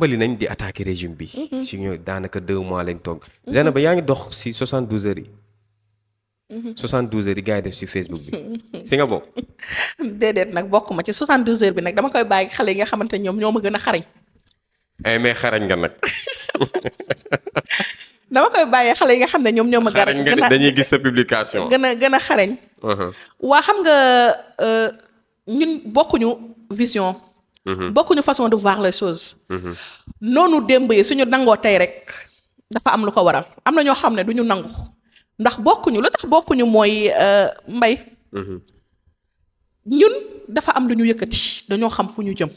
bali nañ di attaquer régime bi. Mm-hmm. si ñu daanaka deux mois lañ toog. Zeyna ba yaa ngi dox si 72 heures yi. 72 mm-hmm. heures yi gars yi def si Facebook bi si nga bokk. déedéet nag bokk ma ci 72 heures bi nag dama koy bàyyi xale yi nga xamante ñoom ñoo ma a xarañ. Eh, mais xarañ nga nag. dama koy xale yi nga xam ne ñoom ñoo ma. xarañ nga dañuy gis sa publication. gën a gën a xarañ. Uh-huh. waa xam nga euh, ñun bokkuñu vision. Mm-hmm. bokkuñu façon de voir les choses. Mm-hmm. noonu démb yi suñu nangoo tey rek dafa am lu ko waral am na ñoo xam ne duñu ñu nangu ndax bokkuñu lu tax bokkuñu mooy euh, mbay. Mm-hmm. ñun dafa am lu ñu yëkkati dañoo xam fu ñu jëm.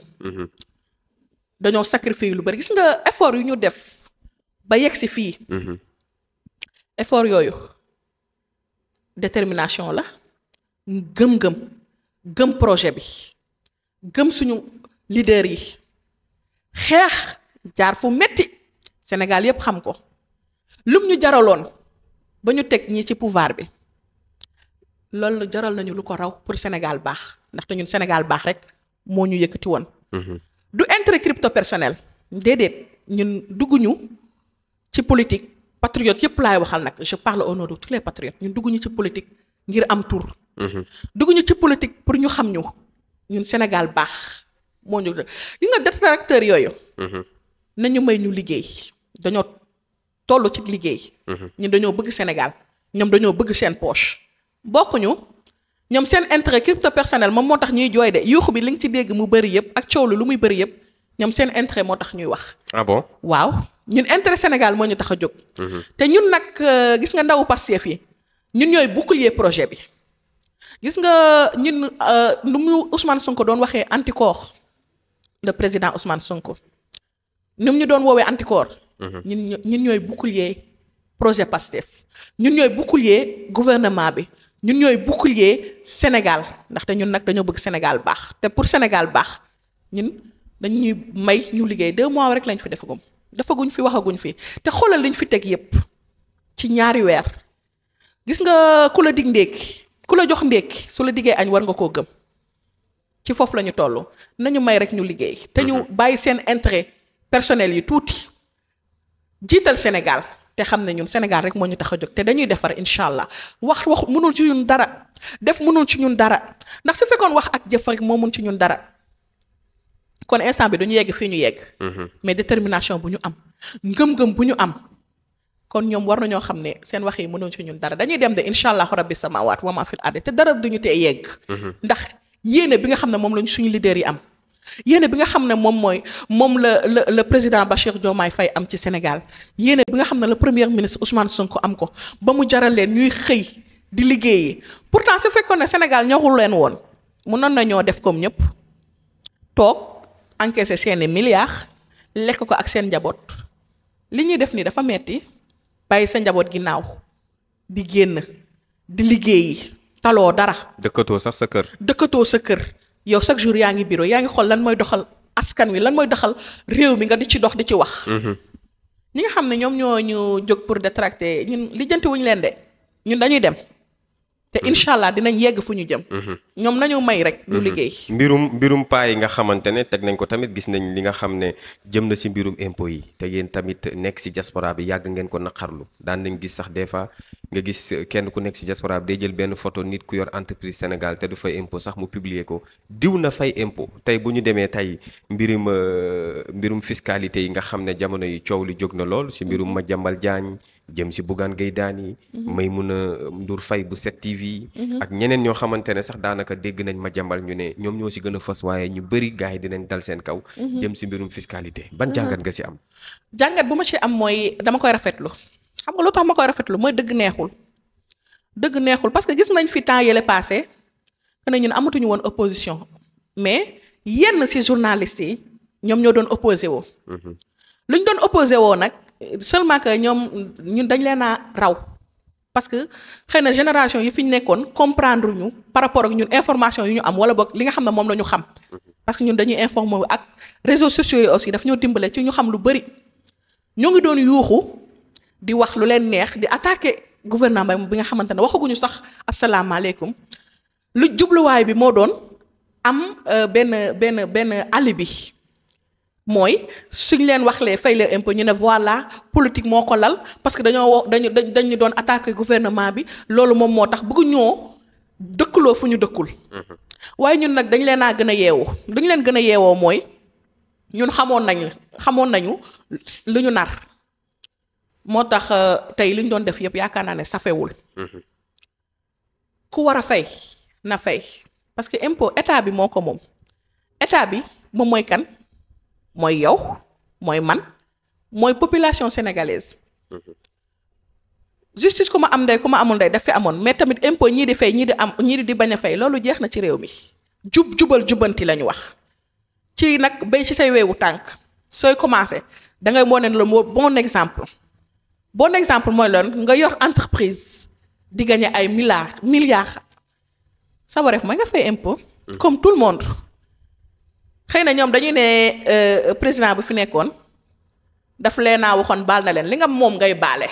dañoo sacrifier lu bari gis nga effort yu ñu def ba yegg si fii. effort yooyu détermination la gëm-gëm gëm projet bi gëm suñu. leader yi xeex jaar fu metti Sénégal yépp xam ko lum ñu jaraloon ba ñu teg ñii ci pouvoir bi loolu jaral nañu lu ko raw pour Sénégal baax ndaxte ñun Sénégal baax rek moo ñu yëkkati woon. Mhm. du intérêt crypto personnel. déedéet ñun dugguñu ci politique patriote yépp laay waxal nag je parle au nom de tous les patriotes ñun dugguñu ci politique ngir am tour mhm. dugguñu ci politique pour ñu xam ñu ñun Sénégal baax. moo ñu yi nga détracteur yooyu. Mm-hmm. nañu may ñu liggéey dañoo toll ci liggéey. Mm-hmm. ñu dañoo bëgg Sénégal ñoom dañoo bëgg seen poche. bokkuñu ñoom seen intérêt crypto personnel moom moo tax ñuy jooy de yuuxu bi li nga ci dégg mu bëri yëpp ak coow lu lu muy bëri yëpp ñoom seen intérêt moo tax ñuy wax. ah waaw ñun intérêt Sénégal moo ñu tax a jóg. Mm-hmm. te ñun nag euh, gis nga ndawu Pastef yi ñun ñooy bouclier projet bi. gis nga ñun euh, nu mu Ousmane ko doon waxee anticorps. le président Ousmane Sonko. ni ñu doon woowee anticorps. Mhm. ñun ñun ñooy bouclier projet PASTEF ñun ñooy bouclier gouvernement bi ñun ñooy bouclier Sénégal ndaxte ñun nag dañoo bëgg Sénégal baax te pour Sénégal baax ñun dañ ñuy may ñu liggéey deux mois rek lañ fi defagum defaguñ fi waxaguñ fi te xoolal liñ fi teg yépp ci ñaari weer gis nga ku la dig ndékki ku la jox ndékki su la diggee añ war nga koo gëm. ci foofu la ñu toll nañu may rek ñu liggéey. te ñu mhm. bàyyi seen intérêt personnel yi tuuti jiital Sénégal. te xam ne ñoom Sénégal rek moo ñu tax a jóg te dañuy defar incha allah wax wax mënul ci ñun dara def mënul ci ñun dara ndax su fekkoon wax ak jëf rek moo mun ci ñun dara kon instant bi duñu yegg fii ñu yegg. Mhm. mais détermination bu ñu am ngëm-ngëm bu ñu am kon ñoom war nañoo xam ne seen wax yi mënul ci ñun dara dañuy dem de incha allah bi samawaat wa ma fil ardi te dara duñu tee yegg. Mhm. ndax yéene bi nga xam ne moom lañ suñu leader yi am yéene bi nga xam ne moom mooy moom la la le président Bachir Diomaye Faye am ci Sénégal yéene bi nga xam ne le premier ministre Ousmane Sonko am ko ba mu jaral leen ñuy xëy di liggéeyi pourtant su fekkoon ne Sénégal ñorul leen woon mënoon na ñoo def comme ñëpp toog encaissé seeni milliards lekk ko ak seen njaboot li ñuy def nii dafa metti bàyyi sa njaboot ginnaaw di génn di liggéeyi. taloo dara. dëkkatoo sax sa kër. dëkkatoo sa kër yow chaque jour yaa ngi bureau yaa ngi xool lan mooy doxal askan wi lan mooy doxal réew mi nga di ci dox di ci wax. Mhm. ñi nga xam ne ñoom ñoo ñu jóg pour détracter ñun lijjanti wuñu leen de ñun dañuy dem. te mhm. incha allah dinañ yegg fu ñu jëm. Mhm. ñoom nañu may rek. ñu liggéey. mbirum mbirum paa yi nga xamante ne teg nañ ko tamit gis nañ li nga xam ne jëm na si mbirum impôt yi te yéen tamit nekk si diaspora bi yàgg ngeen ko naqarlu daan nañ gis sax des fois nga gis euh, kenn ku nekk si diaspora day jël benn photo nit ku yor entreprise Sénégal te du fay impo sax mu publier ko diw na fay impôt tey bu ñu demee tey mbirum euh, mbirum fiscalité yi nga xam ne jamono yi coow li jóg na lool si mbirum mhm. Madiambal Diagne jëm si Bougane Gueye Dany mhm. Maïmouna euh, Ndour Faye bu 7TV mhm. ak ñeneen ñoo xamante ne sax daanaka dégg nañ ma jambal ñu ne ñoom ñoo si gën a fës waaye ñu bëri gars yi dinañ dal seen kaw jëm si mbirum fiscalité ban jàngat nga si am jàngat bu ma ci am mooy dama koy rafetlu xam nga lu tax ma koy rafetlu mooy dëgg neexul dëgg neexul parce que gis nañ fi temps yële passé que ne ñun amatuñu woon opposition mais yenn ci journalistes yi ñoom ñoo doon opposé woo. Mhm. lu ñu doon opposé woo nag seulement que ñoom ñun dañ leen a raw parce que xëy na génération yi fi ñu nekkoon comprendre ñu par rapport ak ñun information yi ñu am wala boog li nga xam ne moom la ñu xam. parce que ñun dañuy informer ak réseaux sociaux yi aussi daf ñoo dimbale ci ñu xam lu bëri ñoo ngi doon yuuxu. di wax lu leen neex di attaquer gouvernement bi nga xamante ne waxaguñu sax asalaamaaleykum lu jubluwaay bi moo doon am euh, benn benn benn alibi mooy suñ leen waxlee fay leen impôt ñu ne voilà politique moo ko lal parce que dañoo dañu dañu doon attaquer gouvernement bi loolu moom moo tax bëgg ñoo dëkkuloo fu ñu dëkkul. Mm-hmm. waaye ñun nag dañ leen naa gën a yeewu dañ leen gën a yeewoo mooy ñun xamoon nañ xamoon nañu lu ñu nar. moo tax euh, tey li ñu doon def yëpp yaakaar naa ne safewul mhm. ku war a fay na fay parce que impôt état bi moo ko moom état bi moom mooy kan mooy yow mooy man mooy population sénégalaise mhm. justice ku ma am ndey ku ma amul ndey daf fi amoon mais tamit impôt ñii di fay ñii di am ñii di bañ a fay loolu jeex na ci réew mi jub jubal jubanti la ñu wax ci nag bay ci say weewu tànk sooy commencé da ngay moo ne la moo bon exemple bon exemple mooy loon nga yor entreprise di gagné ay milliards milliards sa wareef mooy nga fay impôt. Mm. comme tout le monde. xëy na ñoom dañuy ne euh, président bu fi nekkoon daf leen a waxoon baal na leen li nga moom ngay baale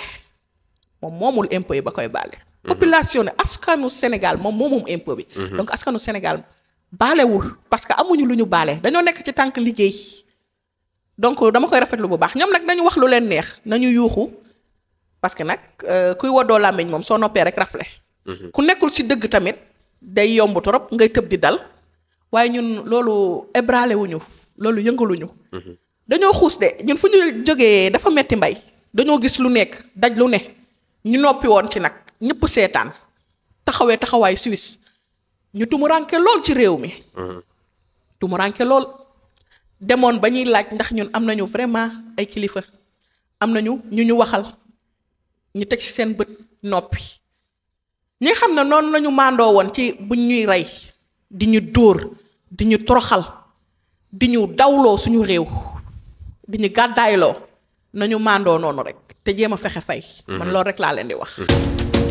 moom moomul impôt yi ba koy baale. Mm-hmm. population ne askanu Sénégal moom moomum impôt bi. Mm-hmm. donc askanu Sénégal baalewul parce que amuñu lu ñu baale dañoo nekk ci tànk liggéey donc dama koy rafetlu bu baax ñoom nag nañu wax lu leen neex nañu yuuxu. parce que nag euh, kuy woddoo làmmiñ moom soo noppee rek rafle mhm. ku nekkul ci dëgg tamit day yomb trop ngay tëb di dal waaye ñun loolu ébralé wuñu loolu yëngaluñu mhm. dañoo xuus de ñun fu ñu jógee dafa metti mbay dañoo gis lu nekk daj lu ne ñu noppi woon ci nag ñëpp seetaan taxawee taxawaayu Suisse ñu tumuranke lool ci réew mi mhm. tumuranke lool demoon ba ñuy laaj ndax ñun am nañu vraiment ay kilifa am nañu ñu ñu waxal ñu teg ci seen bët noppi ñi xam ne noonu lañu màndoo woon ci bu ñuy rey di ñu dóor di ñu toroxal di ñu dawloo suñu réew di ñu gàddaayloo nañu màndoo noonu rek te jéem a fexe fay mm-hmm. man loolu rek laa leen di wax mm-hmm.